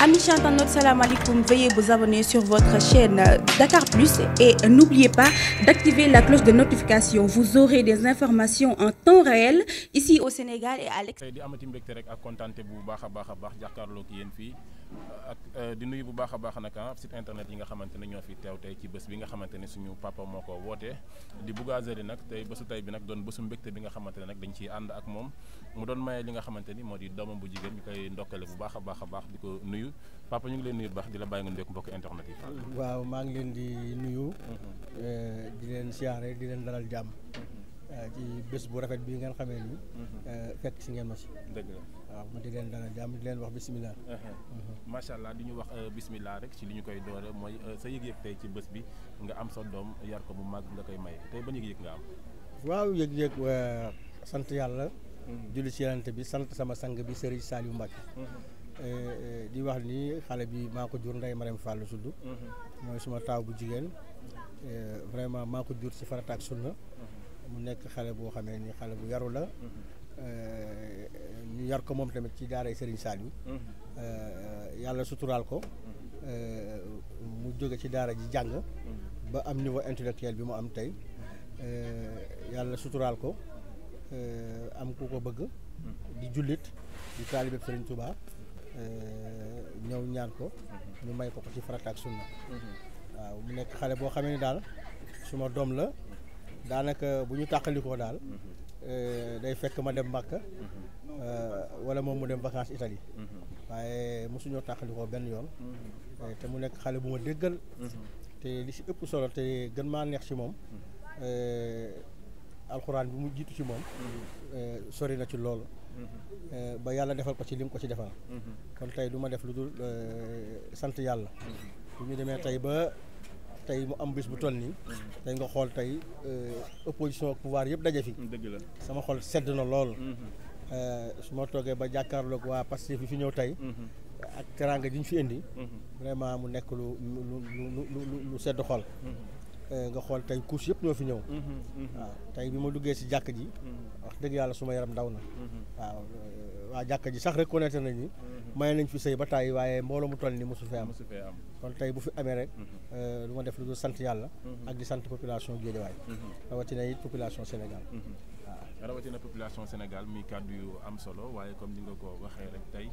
Amis internautes, salam alaikum. Veuillez vous abonner sur votre chaîne Dakar Plus et n'oubliez pas d'activer la cloche de notification. Vous aurez des informations en temps réel ici au Sénégal et à l'extérieur. di amati mbégte rek ak kontaante bu baax a baax a baax jàkkaarloo yéen fii ak euh, di nuyu bu baax a baax am ah, site internet yi nga xamante ne ñoo fi teew tey ci bés bi nga xamante ne suñu papa moo ko wootee di Bougazelli nag tey bésu tey bi nag doon bésu mbégte bi nga xamante ne nag dañ ciy ànd ak moom mu doon maye li nga xamante ni moo di doomam bu jigéen ñu koy ndokkale bu baax a baax a baax di ko nuyu papa ñu ngi leen nuyu bu baax di la bàyyi nga ndekk mbokk internet yi. waaw leen di mhm. eh, di leen siyaare di jàmm. Mhm. Eh, ci bés bu rafet bi ngeen xamee ni. Mhm. Eh, fekk si ngeen ma si. dëgg la waaw mu di leen leen wax bisimilah. macha allah di ñu wax bisimilah rek ci li ñu koy doore mooy sa yëg ci bés bi nga am sa doom yar bu mag nga koy maye tey ban yëg-yëg nga waaw yëg-yëg sant yàlla. julli ci yonent bi sant sama sang bi Serigne Saliou Mbacke eh, eh, di wax ni xale bi maa ko jur ndey Marème Fall tudd mooy suma taaw bu jigéen eh, vraiment maa ko jur ci farata ak sunna mu nekk xale boo xamee ni xale bu yaru la ñu yar ko moom tamit ci daaray Serigne Saliou yàlla suturaal ko mu jóge ci daara ji jàng ba am niveau intellectuel bi mu am tey yàlla suturaal ko Euh, am ku ko bëgg di jullit di taalibe Sëriñ Tuubaa euh, ñëw ñaan ko ñu may ko ko ci farata ak waaw mu nekk xale boo xamee ni daal suma doom la daanaka bu ñu tàqalikoo daal euh, day fekk ma dem Màkka wala moom mu dem vacances Italie waaye mosuñoo tàqalikoo benn yoon te mu nekk xale bu ma déggal te li si ëpp solo te gën maa neex si moom alxuraan bi mu jiitu ci moom mm-hmm. eh, sori na ci loolu mm-hmm. eh, ba yàlla defal ko ci lim ko ci defal mm-hmm. kon tey du ma def lu dul eh, sant yàlla bu ñu demee tey ba tey mu am bis bu toll nii tey nga xool tey opposition ak pouvoir yëpp daje fi dëgg la sama xol sedd na lool su ma toogee ba jàkkaarlook waa Pastef yi fi ñëw tey ak teraanga ji ñu fi indi vraiment mu nekk lu lu lu lu lu sedd xol Euh, nga xool tey couche yëpp ñoo fi ñëw. Mhm, mhm. waaw tey bi ma duggee si jàkk ji. Mhm. wax dëgg yàlla suma yaram daw na. waaw euh, waa jàkk ji sax reconnaître nañ ni. may nañ fi sëy ba tàyyi waaye mbooloo mu toll ni mosu fee am. kon tey bu fi amee rek. lu euh, ma def lu sant yàlla. ak di sant population Guédiawaye. rawatina it population Sénégal. waaw rawatina population Sénégal muy kàddu yu am solo waaye comme ni nga ko waxee rek tey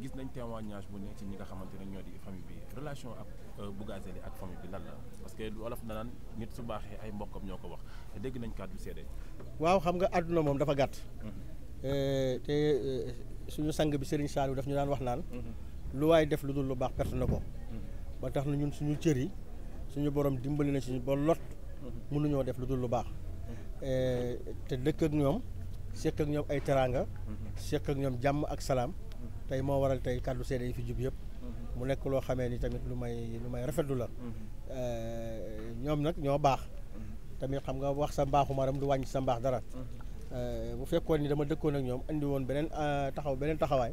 gis nañ témoignage bu nekk ci ñi nga xamante ne ñoo di famille bi relation ak. Euh, Bougazelli ak famille bi parce que wolof na naan nit su baaxee ay mbokkam ñoo ko wax te dégg nañ kàddu seede waaw xam nga àdduna moom dafa gàtt mhm. euh, te euh, suñu sang bi Serigne Saliou daf ñu daan wax naan mhm. lu waaye def lu dul lu baax perte na ko mhm. ba tax na ñun suñu cër yi suñu borom dimbali na suñu ba lot mënuñoo def lu dul lu baax te dëkk ak ñoom seq ak ñoom ay teraanga seq ak ñoom jàmm ak salaam tey moo waral tey kàddu seede yi fi jub yëpp mu nekk loo xamee ni tamit lu may lu may rafetlu la mhm. euh, ñoom nag ñoo baax mhm. tamit xam nga wax sa mbaaxuma maram du wàññi sa mbaax dara mhm. euh, bu fekkoon ni dama dëkkoon ak ñoom andi woon beneen euh, taxaw beneen taxawaay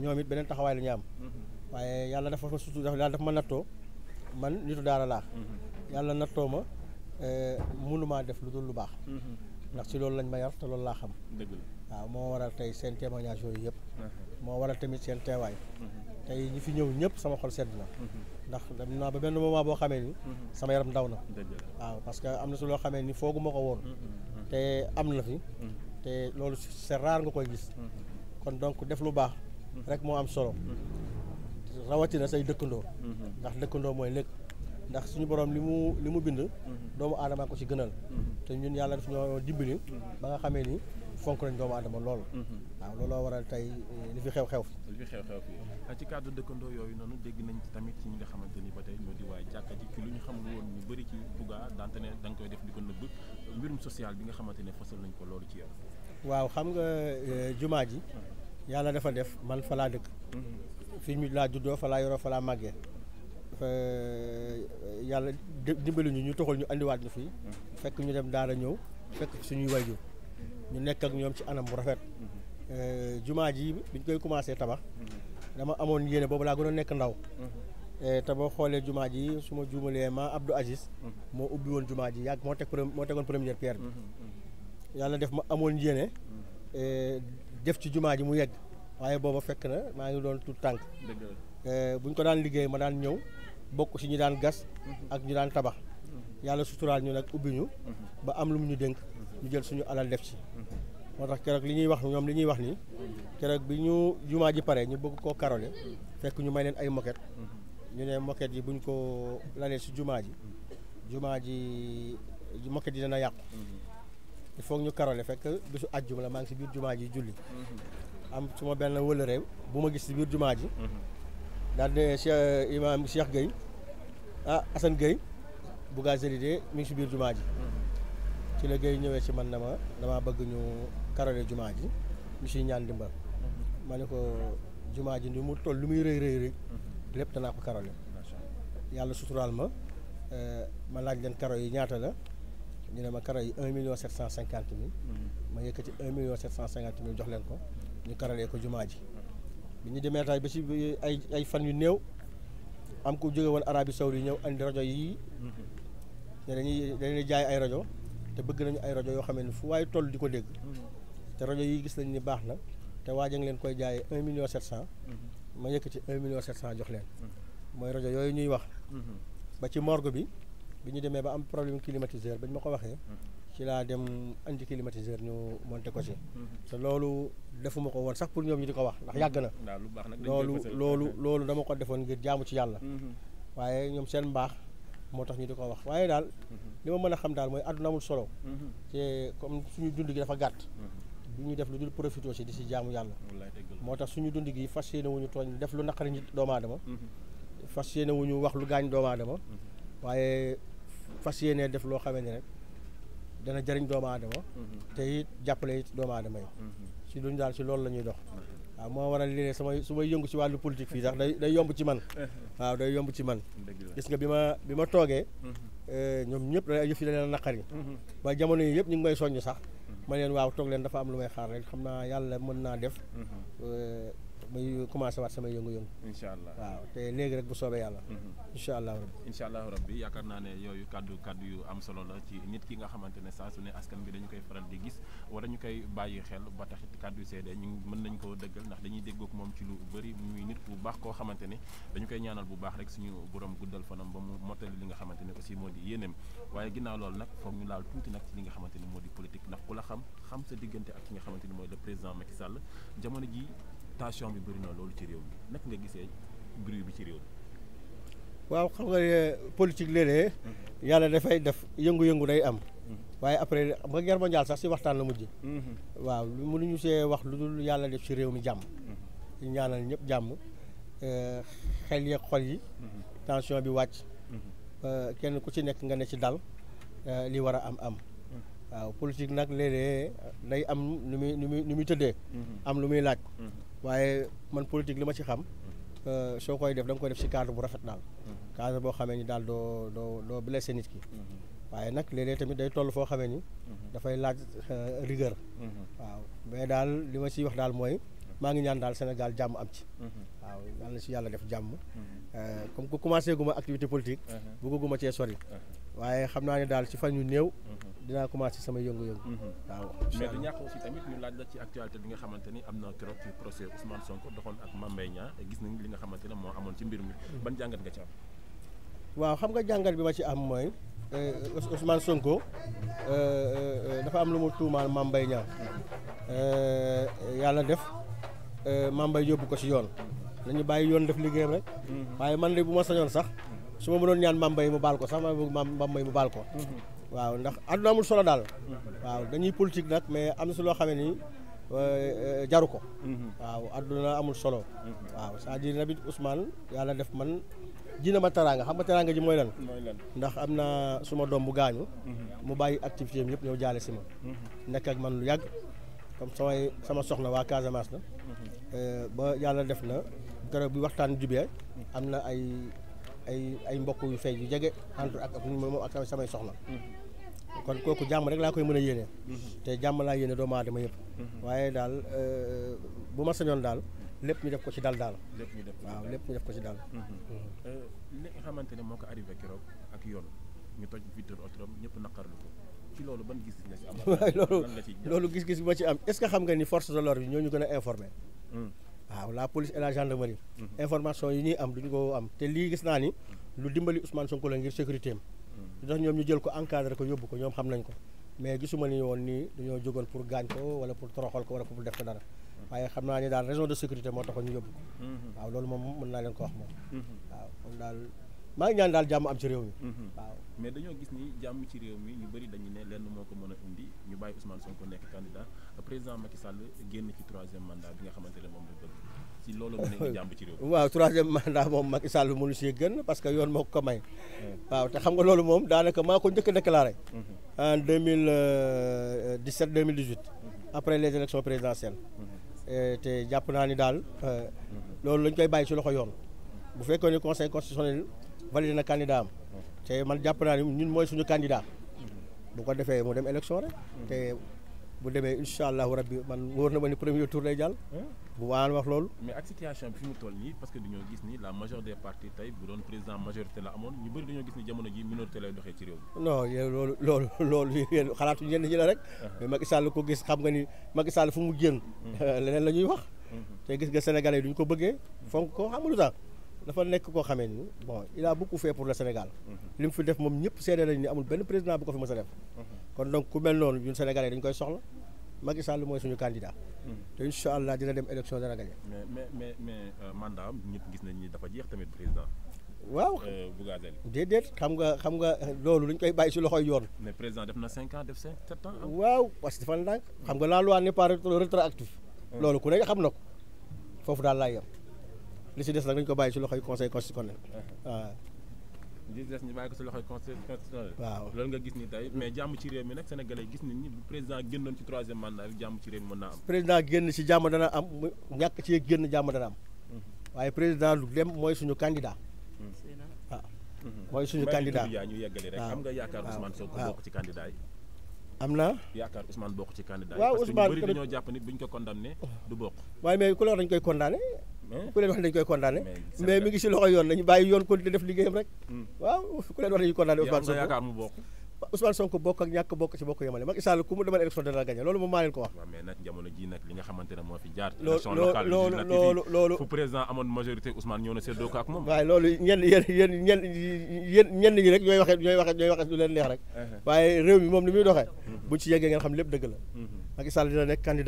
ñoom it beneen taxawaay la ñu am waaye yàlla dafa ma surtout yàlla dafa ma nattoo man nitu daara laa yàlla nattoo ma mënumaa def lu dul lu baax ndax si loolu lañ ma yar te loolu laa xam dëgg waaw moo waral tey seen témoignage yooyu yëpp uh-huh. moo war a tamit seen teewaay uh-huh. tey ñi fi ñëw ñëpp sama xol sedd na uh-huh. ndax dem naa ba benn moment boo xamee ni sama yaram ndaw na waaw parce que am na su loo xamee ni foogu ma ko woon te am na fi te loolu c'est rare nga koy gis kon donc def lu baax rek moo am solo rawatina say dëkkandoo ndax dëkkandoo mooy léeg ndax suñu borom li mu li mu bind doomu aadama ko ci gënal te ñun yàlla daf ñoo dimbali ba nga xamee fonk nañ doomu aadama lool. Mhm. waaw looloo waral tey eh, li fi xew-xew. li fi xew-xew fii ah, ci cadre dëkkandoo yooyu noonu dégg nañ tamit ci ñi nga xamante ni ba tey ñoo di waay jàkka ji ci lu ñu xamul woon ñu bëri ci Touga dante ne da koy def di ko nëbb mbirum social bi nga xamante ne fasal nañ ko loolu ci yow. waaw xam nga eh, jumaa ji. Mhm. yàlla dafa def man fa laa dëkk. Mhm. fii ñu laa juddoo fa laa yoroo fa laa màggee. Eh, yàlla dimbaluñu ñu ñu toxul ñu fii. fekk ñu dem daara ñëw fekk suñuy waajur ñu nekk ak ñoom ci anam bu rafet mhm. eh, jumaa ji biñ koy commencé tabax mhm. dama amoon yéene boobu laa gën a nekk ndaw mhm. eh, te boo xoolee jumaa ji su ma juumalee ma Abdou Aziz moo ubbi woon jumaa ji yàgg moo teg moo tegoon première pierre bi yàlla def ma amoon yéene eh, def ci jumaa ji mu yegg waaye booba fekk na maa ngi doon tuut tànk buñ ko daan liggéey ma daan ñëw bokk si ñu daan gas ak ñu daan tabax yàlla suturaal ñu nag ubbi ñu ba am lu mu ñu dénk ñu jël suñu alal def ci moo tax keroog li ñuy wax ñoom li ñuy wax ni keroog bi ñu jumaa ji pare ñu bëgg koo karole fekk ñu may leen ay moquette ñu ne mokket yi buñ ko lalee si jumaa ji jumaa ji moquette yi dana yàqu il faut ñu karole fekk bisu àjjuma la maa si biir jumaa ji julli am su ma benn wëlëre bu ma gis si biir jumaa ji daal ne Cheikh Imam Cheikh Gueye ah Gueye Bougazelli de mi ngi si biir jumaa ji mm-hmm. ci la Guèye ñëwee ci man na ma damaa bëgg ñu karole jumaa ji ñu siy ñaan dimbal mm-hmm. ma ne ko jumaa ji ni mu toll lu muy rëy rëy rëy mm-hmm. lépp danaa ko karole yàlla suturaal ma eh, ma laaj leen karo yi ñaata la ñu ne ma karo yi un million sept cent cinquante mille ma yëkkati un million sept cent cinquante mille jox leen ko ñu karalee ko jumaa ji ñu demee taay ba ci ay ay fan yu néew am ku jóge woon Arabie Saoudi ñëw andi rajo yi mm-hmm. ne dañuy dañuy jaay ay rajo te bëgg nañu ay rajo yoo xam ne fu waaye toll di ko dégg mm-hmm. te rajo yi gis nañ ni baax na te waa ngi leen koy jaayee un million sept cent mm-hmm. ma yëkkati un million sept cent jox leen mooy rajo yooyu ñuy wax ba ci morgo bi bi ñu demee ba am problème climatiseur ba ñu ma ko waxee ci laa dem andi climatiseur ñu monté ko si mhm. te loolu defuma ko woon sax pour ñoom ñu di ko wax ndax yàgg na loolu loolu loolu dama ko defoon ngir jaamu ci yàlla mhm. waaye ñoom seen mbaax moo tax ñu di ko wax waaye daal mhm. li ma mën a xam daal mooy àdduna amul solo te comme suñu dund gi dafa gàtt du ñu def lu dul profité si di si jaamu yàlla moo tax suñu dund gi fas yéene ñu tooñ def lu naqari nit doomu aadama fas yéene wuñu wax lu gaañ doomu aadama waaye fas yéene def loo xamee ne dana jariñ doomu aadama mm-hmm. tey it jàppale it doomu aadama yi mm-hmm. si duñ daal si loolu la ñuy dox mm-hmm. waaw moo waral léeg-léeg samay su may yëngu si wàllu politique fii sax day day yomb ci man waaw day yomb ci man gis nga bi ma bi ma toogee eh, ñoom ñëpp da yëf yi da leen naqari waaye jamono yi yëpp ñu may soññ sax ma leen waaw toog leen dafa am lu may xaar rek xam naa yàlla mën naa def eh, may commencé waat sama yëngu-yëngu. incha allah waaw te léegi rek bu soobee yàlla. Mm-hmm. incha allah rabbi incha allah rabbi yaakaar naa ne yooyu kàddu kaddu yu am solo la ci nit ki nga xamante ne saa su ne askan bi dañu koy faral di gis wala ñu koy bàyyi xel ba taxit kaddu seede ñu mën nañ koo dëggal ndax dañuy déggoog moom ci lu bëri muy nit bu baax koo xamante ne dañu koy ñaanal bu baax rek suñu borom guddal fanam ba mu mottali li nga xamante ne aussi moo di yéeneem waaye ginnaaw loolu nag foog ñu nag li nga xamante ne moo di politique ndax ku xam xam sa diggante ak ki nga xamante ne mooy le président Macky Sall ji tension bi bëri na loolu ci réew mi naka nga gisee bruit bi ci réew mi. waaw xam nga euh, politique léeg-léeg mm-hmm. yàlla dafay def yëngu-yëngu day am mm-hmm. waaye après xam nga guerre mondiale sax si waxtaan la mujj mm-hmm. waaw mënuñu see wax lu dul yàlla def ci réew mi jàmm ñaanal ñëpp jàmm euh, xel yeeg xol yi tension bi wàcc euh, kenn ku ci nekk nga ne ci dal li war a am am waaw politique nag léeg day am nu muy nu muy nu muy tëddee am lu muy laaj waaye man politique li ma ci xam mm-hmm. euh, soo koy def da nga koy def ci cadre bu rafet daal mm-hmm. cadre boo xamee ni daal doo doo doo blessé nit ki mm-hmm. waaye nag léeg-léeg tamit day toll foo xamee ni dafay laaj euh, rigueur waaw mais daal li ma ciy wax daal mooy maa ngi ñaan daal Sénégal jàmm am ci waaw yàlla si yàlla def jàmm euh, comme que commencé guma activité politique bëgguma cee sori waaye xam naa ne daal ci fan yu néew. Mhm. dinaa commencé sama yëngu-yëngu. Mhm. waaw mais du ñàkk aussi tamit ñu laaj la ci actualité bi nga xamante ni am na keroog ci procès Ousmane Sonko doxoon ak Mame Mbaye Niang gis nañ li nga xamante ne moo amoon ci mbir mi. Mhm. ban jàngat nga ci am. waaw xam nga jàngat bi ma ci am mooy euh, Ousmane Sonko euh, euh, dafa am lu mu tuumaal Mame Mbaye yàlla def Mame yóbbu ko ci yoon. nañu bàyyi yoon def liggéeyam rek. waaye man de bu ma sañoon sax. su ma mënoon ñaan maam mbay mu baal ko sax ma bëgg maam mbay mu baal ko waaw ndax àdduna amul solo daal waaw dañuy politique nag mais am na si loo xam ne nii euh, jaru ko waaw àdduna amul solo waaw c'est-à-dire Nabi Ousmane yàlla def man ji na ma teraanga xam nga teraanga ji mooy lan ndax am na suma doom bu gaañu mhm. mu bàyyi activité am yëpp ñëw jaale si ma mhm. nekk ak man lu yàgg comme samay sama soxna waa Casamance la mhm. euh, ba yàlla def na keroog bi waxtaan jubee am na ay ay ay mbokk yu fay yu jege entre ak ak moom ak samay soxla kon kooku jàmm rek laa koy mën a yéene te jàmm laa yéene doomu aadama yëpp waaye daal euh, bu ma sañoon daal lépp ñu def ko ci dal daal lépp ñu def waaw lépp ñu def ko ci dal mhm. euh, li xamante ne moo ko arrivé keroog ak yoon ñu toj vitre ñëpp naqarlu ko ci loolu ban gis nga ci loolu gis-gis bi ma ci am est-ce que xam nga ni force de l'ordre ñoo ñu gën a informé hmm. waaw la police et la gendarmerie. Mhm. information yi ñuy am duñu ko am te lii gis naa ni mhm. lu dimbali Ousmane Sonko la ngir sécurité am. Mhm. lu tax ñoom ñu jël ko encadré ko yóbbu ko ñoom xam nañ ko mais gisuma ni woon nii dañoo jógoon pour gaañ ko wala pour toroxal ko wala pour def ko dara. waaye xam naa ni daal raison de sécurité moo taxoon ñu yóbbu ko. waaw loolu moom mën naa leen ko wax moom. waaw moom daal maa ngi ñaan daal jàmm am ci réew mi. waaw mais dañoo gis ni jàmm ci réew mi ñu bëri dañu ne lenn moo ko a xamante ne moom loolu mën nañu jàmb ci réew waaw troisième mandat moom Macky Sall mënu si gën parce que yoon moo ko may. waaw te xam nga loolu moom daanaka maa ko njëkk a déclaré. en 2017 2018. Euh, après les élections présidentielles. te jàpp naa ni daal. Euh, loolu lañ koy bàyyi si loxo yoon. bu fekkee ni conseil constitutionnel valide na candidat am. te man jàpp naa ni ñun mooy suñu candidat. bu ko defee mu dem élection rek. bu demee incha allahu rabbi man wóor na ma ni premier tour lay jàll. bu waan wax loolu. mais ak situation bi fi mu toll nii parce que dañoo gis ni la majeure de partis tey bu doon président majorité la amoon ñu bëri dañoo gis ni jamono ji minorité lay doxee ci réew mi. loolu loolu loolu yéen xalaatu ñenn ñi la rek. Uh-huh. mais Macky Sall ko gis xam nga ni Macky Sall fu mu génn. Uh-huh. leneen la ñuy wax. Uh-huh. te gis nga sénégalais yi duñ ko bëggee. fonk ko xam nga dafa nekk koo xamee ni bon il a beaucoup fait pour le Sénégal. Mhm. li mu fi def moom ñëpp seede nañu ni amul benn président bu ko fi mës a def. Mhm. kon donc ku mel noonu ñun Sénégalais dañu koy soxla Macky Sall mooy suñu candidat. Mhm. te incha allah dina dem élection dana gagné. mais mais mais mais euh, mandat am ñëpp gis nañu ni dafa jeex tamit président. waaw euh, déedéet xam nga xam nga loolu dañ koy bàyyi si loxo yoon. mais président def na cinq def cinq sept ans. waaw parce que dafa ndànk. xam nga la loi n'est pas rétroactive. loolu ku ne xam na ko foofu daal laay yem. li si des nag dañu ko bàyyi si loxoy conseil constitutionnel uh-huh. waaw. li des ñu bàyyi loxoy conseil waaw loolu nga gis ni tey mais jàmm ci réew mi nag sénégalais gis nañ ni bu président génnoon ci troisième man bi jàmm ci réew mi mën naa am. président génn si jàmm dana am mu ñàkk ci génn jàmm dana am. Uh-huh. waaye président lu dem mooy suñu candidat. Uh-huh. waaw mooy suñu candidat yaa ñu yeggali rek am nga yaakaar Ousmane Sonko bokk ci candidat yi. na yaakaar Ousmane bokk ci candidat yi. waaw Ousmane parce que ñu bëri dañoo jàpp ni buñ ko condamné du bokk. waaye mais ku la dañ koy condamné ku leen wax dañ koy condamné mais mi ngi si loxo yoon nañu bàyyi yoon continuer def liggéeyam rek hmm. waaw ku leen wax dañuy condamné Ousmane Sonko Ousmane Sonko bokk ak ñàkk bokk ci bokk yemale Macky Sall ku mu demal élection dana gagné loolu moom maa ko wax. na séddoo ko ak moom. waaye loolu ñenn ko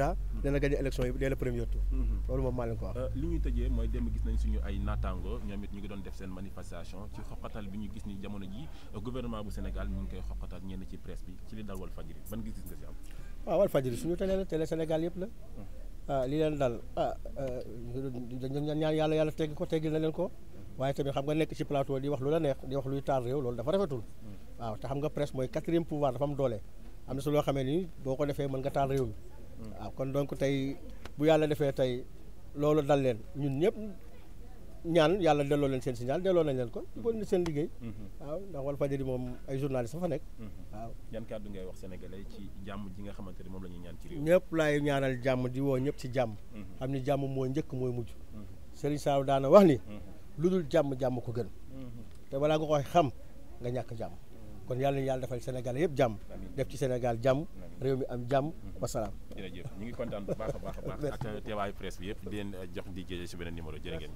wax. Uh, li ñuy tëjee mooy démb gis nañ suñu ay naataango ñoom it ñu ngi doon def seen manifestation ci xoqatal bi ñu gis ni jamono ji gouvernement bu Sénégal mi ngi koy xoqatal waxtaan ak ci presse bi ci li dal Walfadjri ban gis-gis nga si am. waaw ah, Walfadjri suñu télé la télé Sénégal la ah li leen dal ah dañu ah, ñaan yàlla yàlla tegg ko teggil na leen ko waaye tamit xam nga nekk ci plateau di wax lu la neex di wax luy taal réew loolu dafa rafetul waaw te xam nga presse mooy quatrième pouvoir dafa am doole am na su loo xamee ni boo ko defee mën nga taal réew mi hmm. waaw kon donc tey bu yàlla defee tey loolu dal leen ñun ñëpp ñaan yàlla delloo leen seen signal delloo nañ leen kon di ko seen liggéey mhm. waaw ndax Walfadjri moom ay journaliste fa nekk mhm. waaw yan kàddu ngay wax sénégalais ci jàmm ji nga xamante ne moom la ñuy ñaan ci réew ñëpp laay ñaanal jàmm di woo ñëpp ci jàmm mhm. xam ni jàmm mooy njëkk mooy mujj Serigne Sall daana wax ni lu dul jàmm jàmm ko gën te balaa nga koy xam nga ñàkk jàmm kon yàlla na yàlla defal Sénégal yëpp jàmm def ci Sénégal jàmm réew mi am jàmm wasalaam jërëjëf ñu ngi kontaan bu baax a baax a baax ak teewaayu presse bi yëpp di leen jox di jëjee si beneen numéro jërë ngeen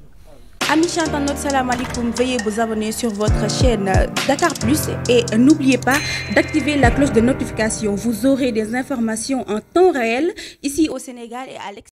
amis chantanot salaamaaleykum veuillez vous abonner sur votre chaîne Dakar Plus et n'oubliez pas d'activer la cloche de notification vous aurez des informations en temps réel ici au Sénégal et à l'extérieur